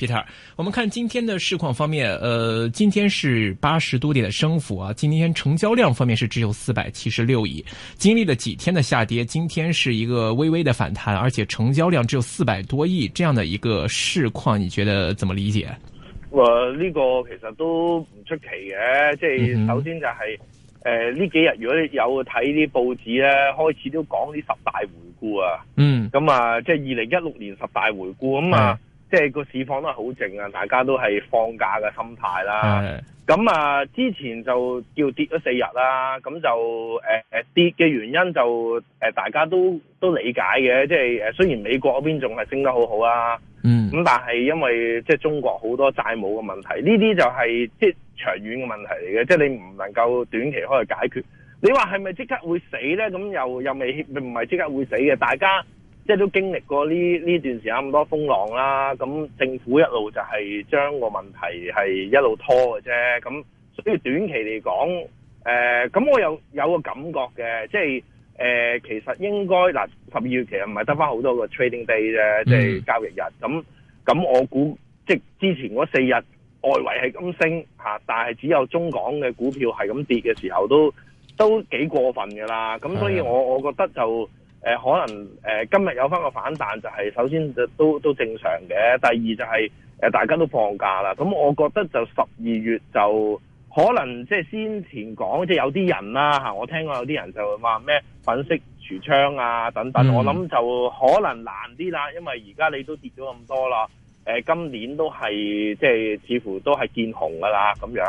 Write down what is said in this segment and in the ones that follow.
Peter，我們看今天的市況方面，呃，今天是八十多點的升幅啊。今天成交量方面是只有四百七十六億，經歷了幾天的下跌，今天是一個微微的反彈，而且成交量只有四百多億，這樣的一個市況，你覺得怎麼理解？誒，呢個其實都唔出奇嘅，即係首先就係誒呢幾日如果你有睇啲報紙咧，開始都講呢十大回顧啊，嗯，咁啊，即係二零一六年十大回顧咁啊。嗯嗯即係個市況都係好靜啊，大家都係放假嘅心態啦。咁啊，之前就叫跌咗四日啦。咁就誒誒跌嘅原因就誒，大家都都理解嘅。即係誒，雖然美國嗰邊仲係升得好好啊。嗯。咁但係因為即係中國好多債務嘅問題，呢啲就係即係長遠嘅問題嚟嘅。即係你唔能夠短期可以解決。你話係咪即刻會死咧？咁又又未唔係即刻會死嘅，大家。即係都經歷過呢呢段時間咁多風浪啦，咁政府一路就係將個問題係一路拖嘅啫。咁所以短期嚟講，誒、呃、咁我有有個感覺嘅，即係誒、呃、其實應該嗱十二月其實唔係得返好多個 trading day 啫，即、嗯、係、就是、交易日。咁咁我估即之前嗰四日外圍係咁升，啊、但係只有中港嘅股票係咁跌嘅時候都，都都幾過分㗎啦。咁所以我我覺得就。嗯誒、呃，可能誒、呃，今日有翻個反彈就係、是、首先都都正常嘅，第二就係、是、誒、呃，大家都放假啦。咁、嗯、我覺得就十二月就可能即係先前講，即、就、係、是、有啲人啦、啊、吓，我聽講有啲人就話咩粉飾櫥窗啊等等，我諗就可能難啲啦，因為而家你都跌咗咁多啦。誒、呃，今年都係即係似乎都係見紅噶啦咁樣。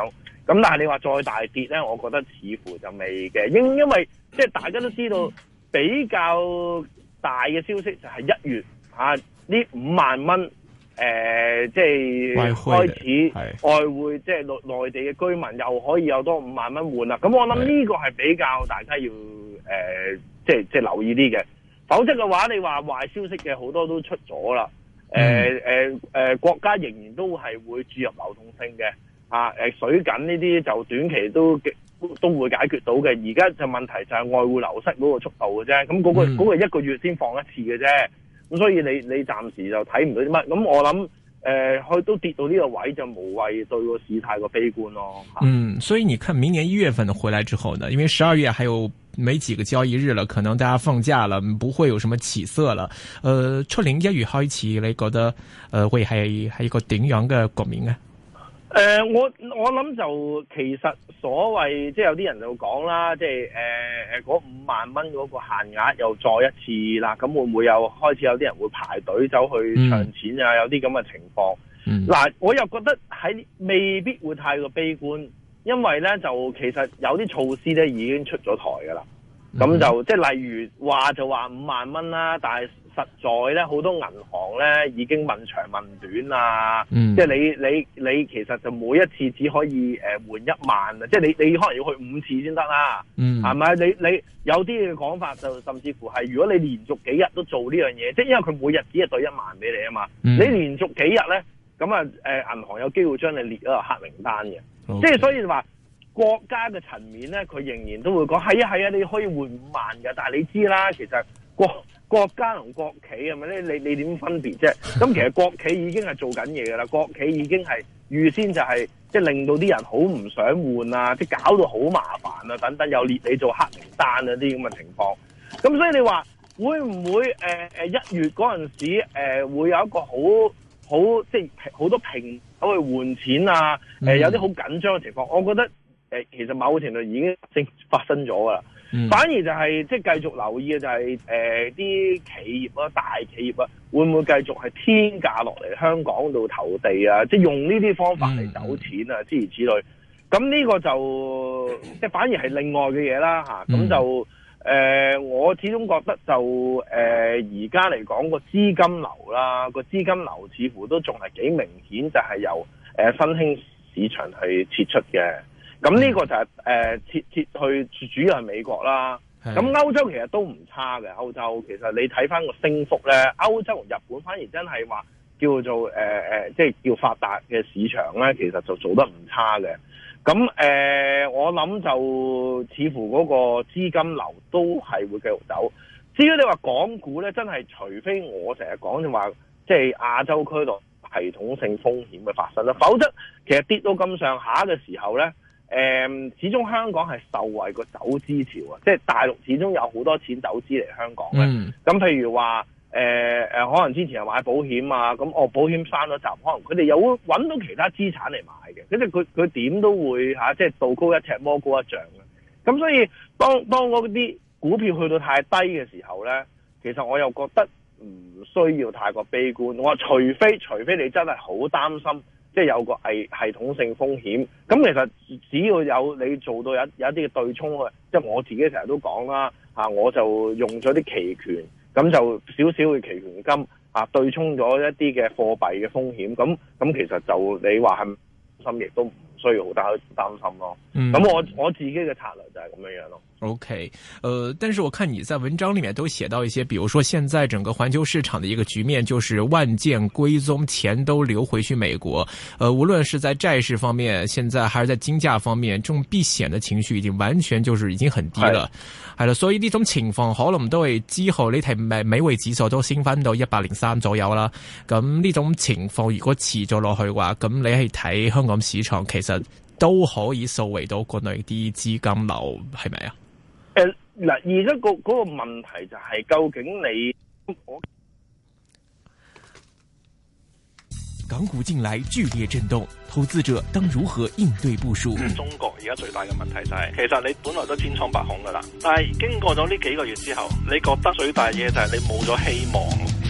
咁但係你話再大跌咧，我覺得似乎就未嘅，因因為即係、就是、大家都知道。比較大嘅消息就係一月啊，呢五萬蚊，誒、呃，即、就、係、是、開始外匯，即係內內地嘅居民又可以有多五萬蚊換啦。咁我諗呢個係比較大家要誒、呃，即係即係留意啲嘅。否則嘅話，你話壞消息嘅好多都出咗啦。誒誒誒，國家仍然都係會注入流動性嘅。誒、啊，水緊呢啲就短期都。都會解決到嘅，而家就問題就係外匯流失嗰個速度嘅啫。咁、那、嗰、個那個一個月先放一次嘅啫。咁、嗯、所以你你暫時就睇唔到啲乜。咁我諗誒，佢、呃、都跌到呢個位就無謂對個市太過悲觀咯。嗯，所以你看明年一月份回來之後呢，因為十二月還有沒幾個交易日啦，可能大家放假啦，不會有什麼起色啦、呃。出年一月開始，你覺得呃會係係一個點樣嘅局面啊？誒、呃，我我諗就其實所謂即係有啲人就講啦，即係誒嗰五萬蚊嗰個限額又再一次啦，咁會唔會又開始有啲人會排隊走去搶錢啊？嗯、有啲咁嘅情況。嗱、嗯，我又覺得喺未必會太過悲觀，因為咧就其實有啲措施咧已經出咗台㗎啦。咁、mm -hmm. 就即係例如話就話五萬蚊啦，但係實在咧，好多銀行咧已經問長問短啊，mm -hmm. 即係你你你其實就每一次只可以誒換、呃、一萬啊，即係你你可能要去五次先得啦，係咪？mm -hmm. 你你有啲嘅講法就甚至乎係，如果你連續幾日都做呢樣嘢，即係因為佢每日只係兌一萬俾你啊嘛，mm -hmm. 你連續幾日咧，咁啊誒銀行有機會將你列喺個黑名單嘅，okay. 即係所以話。國家嘅層面咧，佢仍然都會講係啊係啊，你可以換五萬嘅。但係你知啦，其實國國家同國企係咪咧？你你點分別啫？咁 其實國企已經係做緊嘢噶啦，國企已經係預先就係即係令到啲人好唔想換啊，即係搞到好麻煩啊，等等有列你做黑名單啊啲咁嘅情況。咁所以你話會唔會誒誒一月嗰陣時誒、呃、會有一個好好即係好多平可以去換錢啊？誒、呃、有啲好緊張嘅情況，我覺得。其實某程度已經正發生咗㗎啦、嗯。反而就係即係繼續留意嘅就係誒啲企業啊、大企業啊，會唔會繼續係天價落嚟香港度投地啊？即、就是、用呢啲方法嚟走錢啊，嗯、諸如此類。咁呢個就即、嗯、反而係另外嘅嘢啦吓，咁、嗯、就誒、呃，我始終覺得就誒而家嚟講個資金流啦，個資金流似乎都仲係幾明顯就，就係由誒新興市場去撤出嘅。咁呢個就係誒切切去，主要係美國啦。咁歐洲其實都唔差嘅。歐洲其實你睇翻個升幅咧，歐洲同日本反而真係話叫做誒、呃、即係叫發達嘅市場咧，其實就做得唔差嘅。咁誒、呃，我諗就似乎嗰個資金流都係會繼續走。至於你話港股咧，真係除非我成日講就話，即係亞洲區度系統性風險嘅發生啦，否則其實跌到咁上下嘅時候咧。誒，始終香港係受惠個走資潮啊，即係大陸始終有好多錢走資嚟香港咧。咁、嗯、譬如話，誒誒，可能之前係買保險啊，咁、哦、我保險生咗集，可能佢哋又會搵到其他資產嚟買嘅。即係佢佢點都會嚇，即係道高一尺魔高一丈啊。咁所以當當嗰啲股票去到太低嘅時候咧，其實我又覺得唔需要太過悲觀。我話除非除非你真係好擔心。即係有個係系統性風險，咁其實只要有你做到有一有一啲嘅對沖啊，即係我自己成日都講啦，啊我就用咗啲期權，咁就少少嘅期權金啊對沖咗一啲嘅貨幣嘅風險，咁咁其實就你話係心亦都唔需要好大去擔心咯。咁我我自己嘅策略就係咁樣樣咯。O、okay, K，呃，但是我看你在文章裡面都寫到一些，比如說現在整個環球市場的一個局面就是萬箭歸宗，錢都流回去美國，呃，無論是在債市方面，現在還是在金價方面，這種避險的情緒已經完全就是已經很低了。係、哎、啦、哎，所以呢種情況可能都係之後呢，睇美美匯指數都升翻到一百零三左右啦。咁呢種情況如果持續落去嘅話，咁你係睇香港市場其實都可以受惠到國內啲資金流，係咪啊？誒、呃，嗱、那個，而家個嗰個問題就係，究竟你，港股近來劇烈震動，投資者當如何應對部署？中國而家最大嘅問題就係、是，其實你本來都千瘡百孔噶啦，但係經過咗呢幾個月之後，你覺得最大嘅嘢就係你冇咗希望。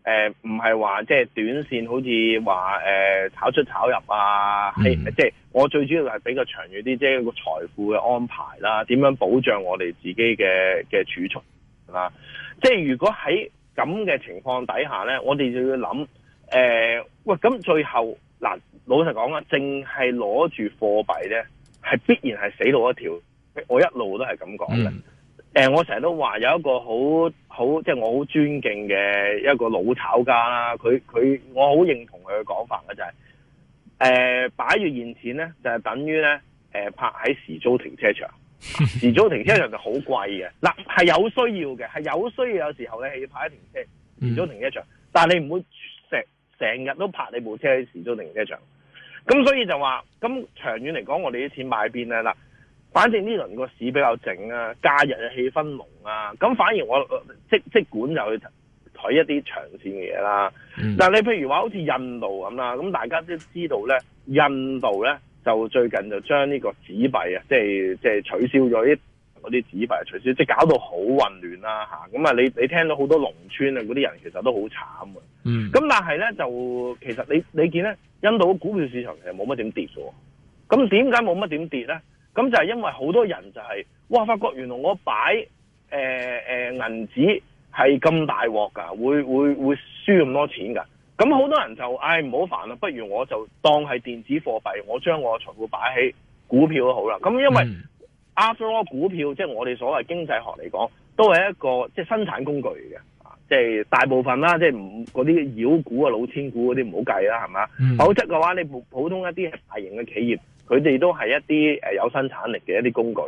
誒、呃，唔係話即係短線好，好似話誒炒出炒入啊，係、嗯、即係我最主要係比較長遠啲，即係個財富嘅安排啦，點樣保障我哋自己嘅嘅儲蓄啦。即係如果喺咁嘅情況底下咧，我哋就要諗誒、呃，喂，咁最後嗱、呃，老實講啊，淨係攞住貨幣咧，係必然係死路一條。我一路都係咁講嘅。誒、嗯呃，我成日都話有一個好。好即係我好尊敬嘅一個老炒家啦，佢佢我好認同佢嘅講法嘅就係、是，誒擺住現錢咧就係等於咧誒泊喺時租停車場時租停車場就好貴嘅。嗱，係有需要嘅，係有需要，有時候你要泊一停車場，時租停車場。嗯、但係你唔會成成日都泊你部車喺時租停車場，咁所以就話咁長遠嚟講，我哋啲錢買邊呢？嗱？反正呢輪個市比較靜啊，假日嘅氣氛濃啊，咁反而我即即管就去睇一啲長線嘅嘢啦。嗱、嗯，但你譬如話好似印度咁啦，咁大家都知道咧，印度咧就最近就將呢個紙幣啊，即係即係取消咗啲嗰啲紙幣取消，即係搞到好混亂啦吓。咁啊，啊你你聽到好多農村啊嗰啲人其實都好慘嘅。咁、嗯、但係咧就其實你你見咧，印度股票市場其實冇乜點跌嘅。咁點解冇乜點跌咧？咁就係因為好多人就係、是，哇！發覺原來我擺誒誒銀紙係咁大鑊噶，會會會輸咁多錢噶。咁好多人就，唉，唔好煩啦，不如我就當係電子貨幣，我將我嘅財富擺喺股票都好啦。咁因為、mm. after all 股票，即、就、係、是、我哋所謂經濟學嚟講，都係一個即係、就是、生產工具嚟嘅，即、就、係、是、大部分啦，即係唔，嗰啲妖股啊、老千股嗰啲唔好計啦，係嘛？Mm. 否則嘅話，你普通一啲大型嘅企業。佢哋都係一啲有生產力嘅一啲工具，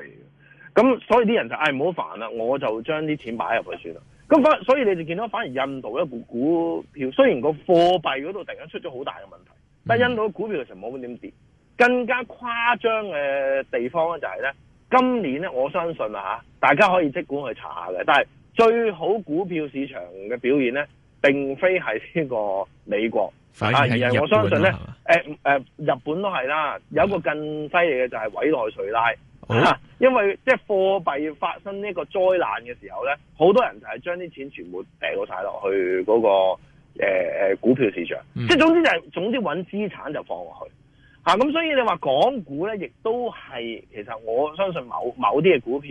咁所以啲人就嗌：「唔好煩啦，我就將啲錢擺入去算啦。咁反所以你哋見到反而印度一股股票，雖然個貨幣嗰度突然間出咗好大嘅問題，但印度股票其實冇乜點跌。更加誇張嘅地方咧就係咧，今年咧我相信啊嚇大家可以即管去查下嘅。但係最好股票市場嘅表現咧。並非係呢個美國，反而係我相信咧。誒誒，日本都係啦。有一個更犀利嘅就係委內瑞拉，嚇、哦，因為即係貨幣發生呢個災難嘅時候咧，好多人就係將啲錢全部掟到晒落去嗰個誒股票市場，即、嗯、係總之就係、是、總之揾資產就放落去嚇。咁、啊、所以你話港股咧，亦都係其實我相信某某啲嘅股票。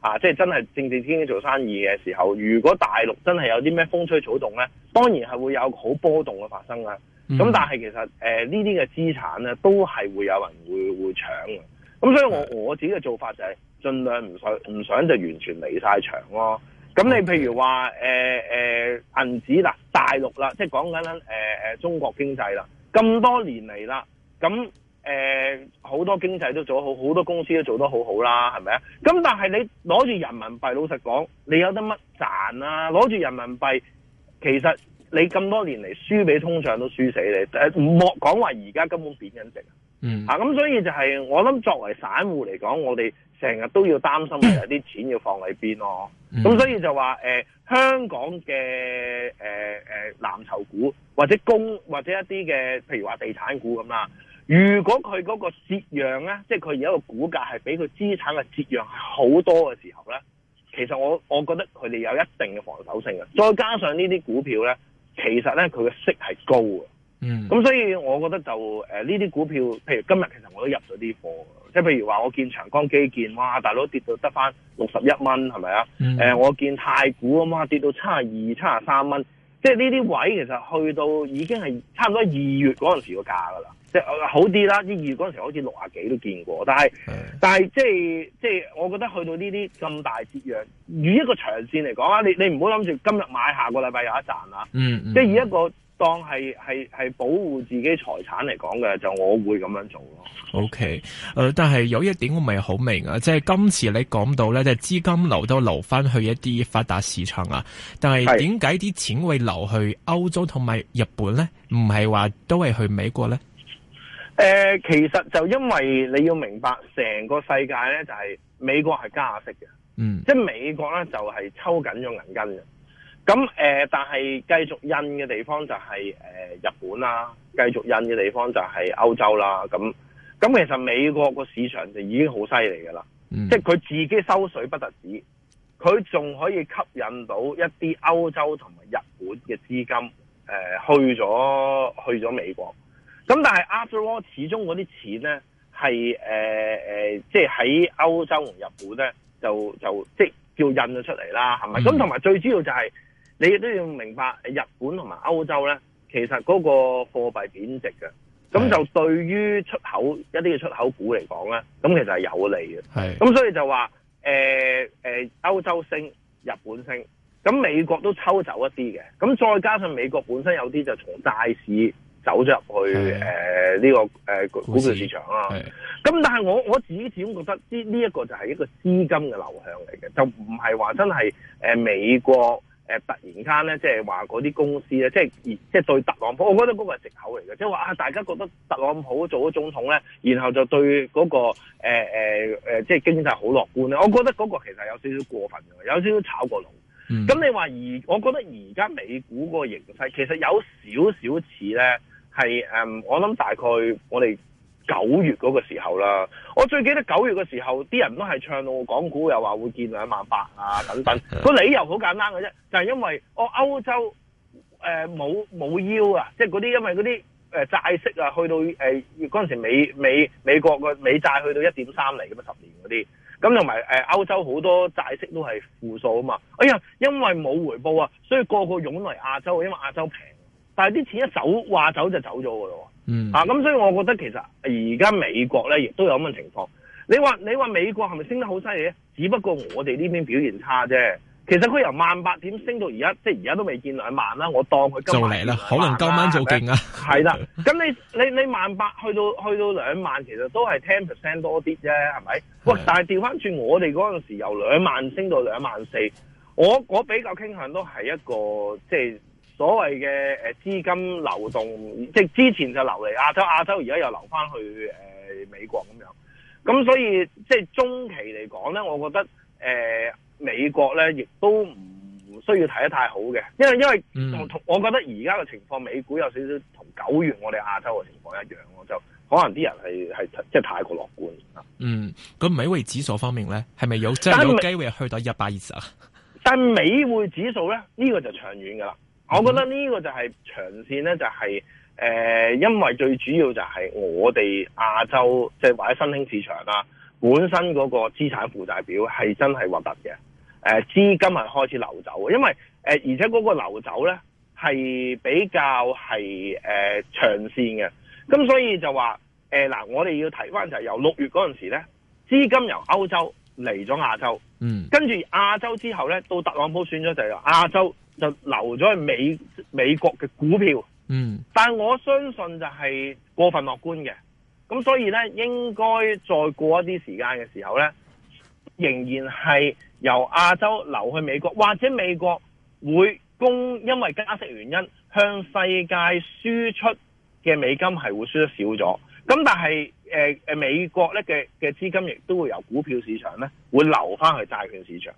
啊！即係真係正正經經做生意嘅時候，如果大陸真係有啲咩風吹草動咧，當然係會有好波動嘅發生啦。咁但係其實誒呢啲嘅資產咧，都係會有人會會搶嘅。咁所以我我自己嘅做法就係盡量唔想唔想就完全離晒場咯。咁你譬如話誒誒銀紙啦、呃、大陸啦，即係講緊咧中國經濟啦，咁多年嚟啦咁。誒、呃，好多經濟都做得好，好多公司都做得好好啦，係咪啊？咁但係你攞住人民幣，老實講，你有得乜賺啊？攞住人民幣，其實你咁多年嚟輸俾通脹都輸死你。誒，莫講話而家根本貶緊值。嗯。咁、啊、所以就係、是、我諗，作為散戶嚟講，我哋成日都要擔心就有啲錢要放喺邊咯。咁、嗯、所以就話、呃，香港嘅誒誒藍籌股或者公或者一啲嘅，譬如話地產股咁啦。如果佢嗰個折讓咧，即係佢而家個股價係比佢資產嘅折讓係好多嘅時候咧，其實我我覺得佢哋有一定嘅防守性嘅。再加上呢啲股票咧，其實咧佢嘅息係高嘅。嗯，咁所以我覺得就誒呢啲股票，譬如今日其實我都入咗啲貨嘅，即係譬如話我見長江基建哇，大佬跌到得返六十一蚊，係咪啊？誒、嗯呃，我見太古啊，嘛跌到七十二、七十三蚊，即係呢啲位其實去到已經係差唔多二月嗰陣時個價㗎啦。即好啲啦，啲二嗰陣時好似六廿幾都見過，但係但係即係即係，我覺得去到呢啲咁大折讓，以一個長線嚟講啊，你你唔好諗住今日買下個禮拜有得賺啦，即、嗯、係、嗯嗯、以一個當係係係保護自己財產嚟講嘅，就我會咁樣做咯。O K.，誒，但係有一點我唔係好明啊，即係今次你講到咧，即係資金流都流翻去一啲發達市場啊，但係點解啲錢會流去歐洲同埋日本咧？唔係話都係去美國咧？誒、呃，其實就因為你要明白，成個世界咧就係、是、美國係加息嘅，嗯，即係美國咧就係、是、抽緊咗銀根嘅。咁、嗯、誒、呃，但係繼續印嘅地方就係、是、誒、呃、日本啦，繼續印嘅地方就係歐洲啦。咁咁其實美國個市場就已經好犀利噶啦，即係佢自己收水不特止，佢仲可以吸引到一啲歐洲同埋日本嘅資金，誒、呃、去咗去咗美國。咁但係 after all 始終嗰啲錢咧係、呃呃、即係喺歐洲同日本咧，就就即叫印咗出嚟啦，係咪？咁同埋最主要就係、是、你都要明白，日本同埋歐洲咧，其實嗰個貨幣貶值嘅，咁就對於出口一啲嘅出口股嚟講咧，咁其實係有利嘅。咁，所以就話誒誒，歐、呃呃、洲升，日本升，咁美國都抽走一啲嘅，咁再加上美國本身有啲就從債市。走咗入去誒呢、呃這個誒、呃、股票市場啦、啊。咁但係我我自己始終覺得呢呢、這個、一個就係一個資金嘅流向嚟嘅，就唔係話真係誒、呃、美國誒、呃、突然間咧，即係話嗰啲公司咧，即係即係對特朗普，我覺得嗰個係藉口嚟嘅，即係話啊，大家覺得特朗普做咗總統咧，然後就對嗰、那個誒即係經濟好樂觀咧。我覺得嗰個其實有少少過分嘅，有少少炒過龍。咁、嗯、你話而我覺得而家美股個形勢其實有少少似咧。係誒、嗯，我諗大概我哋九月嗰個時候啦，我最記得九月嘅時候，啲人都係唱到港股，又話會見兩萬八啊，等等。個理由好簡單嘅啫，就係、是、因為我歐洲誒冇冇 U 啊，呃、yield，即係嗰啲因為嗰啲誒債息啊，去到誒嗰陣時美美美國嘅美債去到一點三厘噶嘛，十年嗰啲，咁同埋誒歐洲好多債息都係負數啊嘛。哎呀，因為冇回報啊，所以個個湧嚟亞洲，因為亞洲平。但係啲錢一走，話走就走咗噶咯。嗯，啊，咁所以我覺得其實而家美國咧，亦都有咁嘅情況。你話你話美國係咪升得好犀利咧？只不過我哋呢邊表現差啫。其實佢由萬八點升到而家，即係而家都未見兩萬啦。我當佢就嚟啦，可能今晚就勁啊。係啦，咁 你你你萬八去到去到兩萬，其實都係 ten percent 多啲啫，係咪？喂！但係調翻轉，我哋嗰陣時由兩萬升到兩萬四，我我比較傾向都係一個即係。所謂嘅誒資金流動，即係之前就流嚟亞洲，亞洲而家又流翻去誒、呃、美國咁樣。咁所以即係中期嚟講咧，我覺得誒、呃、美國咧亦都唔需要睇得太好嘅，因為因為同同、嗯，我覺得而家嘅情況，美股有少少同九月我哋亞洲嘅情況一樣咯，就可能啲人係係即係太過樂觀啊。嗯，咁美匯指數方面咧，係咪有即係有機會去到一百二十啊？ 但美匯指數咧，呢、這個就長遠噶啦。我覺得呢個就係長線咧，就是，就係誒，因為最主要就係我哋亞洲，即、就、係、是、或者新興市場啦、啊，本身嗰個資產負債表係真係核突嘅。誒、呃，資金係開始流走，因為誒、呃，而且嗰個流走咧係比較係誒、呃、長線嘅。咁所以就話誒嗱，我哋要提翻就係由六月嗰陣時咧，資金由歐洲嚟咗亞洲，嗯，跟住亞洲之後咧，到特朗普選咗就係亞洲，就留咗去美美國嘅股票，嗯，但我相信就係過分樂觀嘅，咁所以咧，應該再過一啲時間嘅時候咧，仍然係由亞洲流去美國，或者美國會供，因為加息原因向世界輸出嘅美金係會輸得少咗，咁但係誒誒美國咧嘅嘅資金亦都會由股票市場咧，會流翻去債券市場。.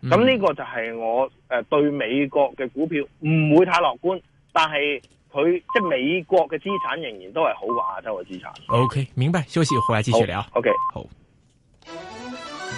咁、嗯、呢、這個就係我誒對美國嘅股票唔會太樂觀，但係佢即美國嘅資產仍然都係好過亞洲嘅資產。O、okay, K，明白。休息後來繼續聊。O K。好。Okay. 好。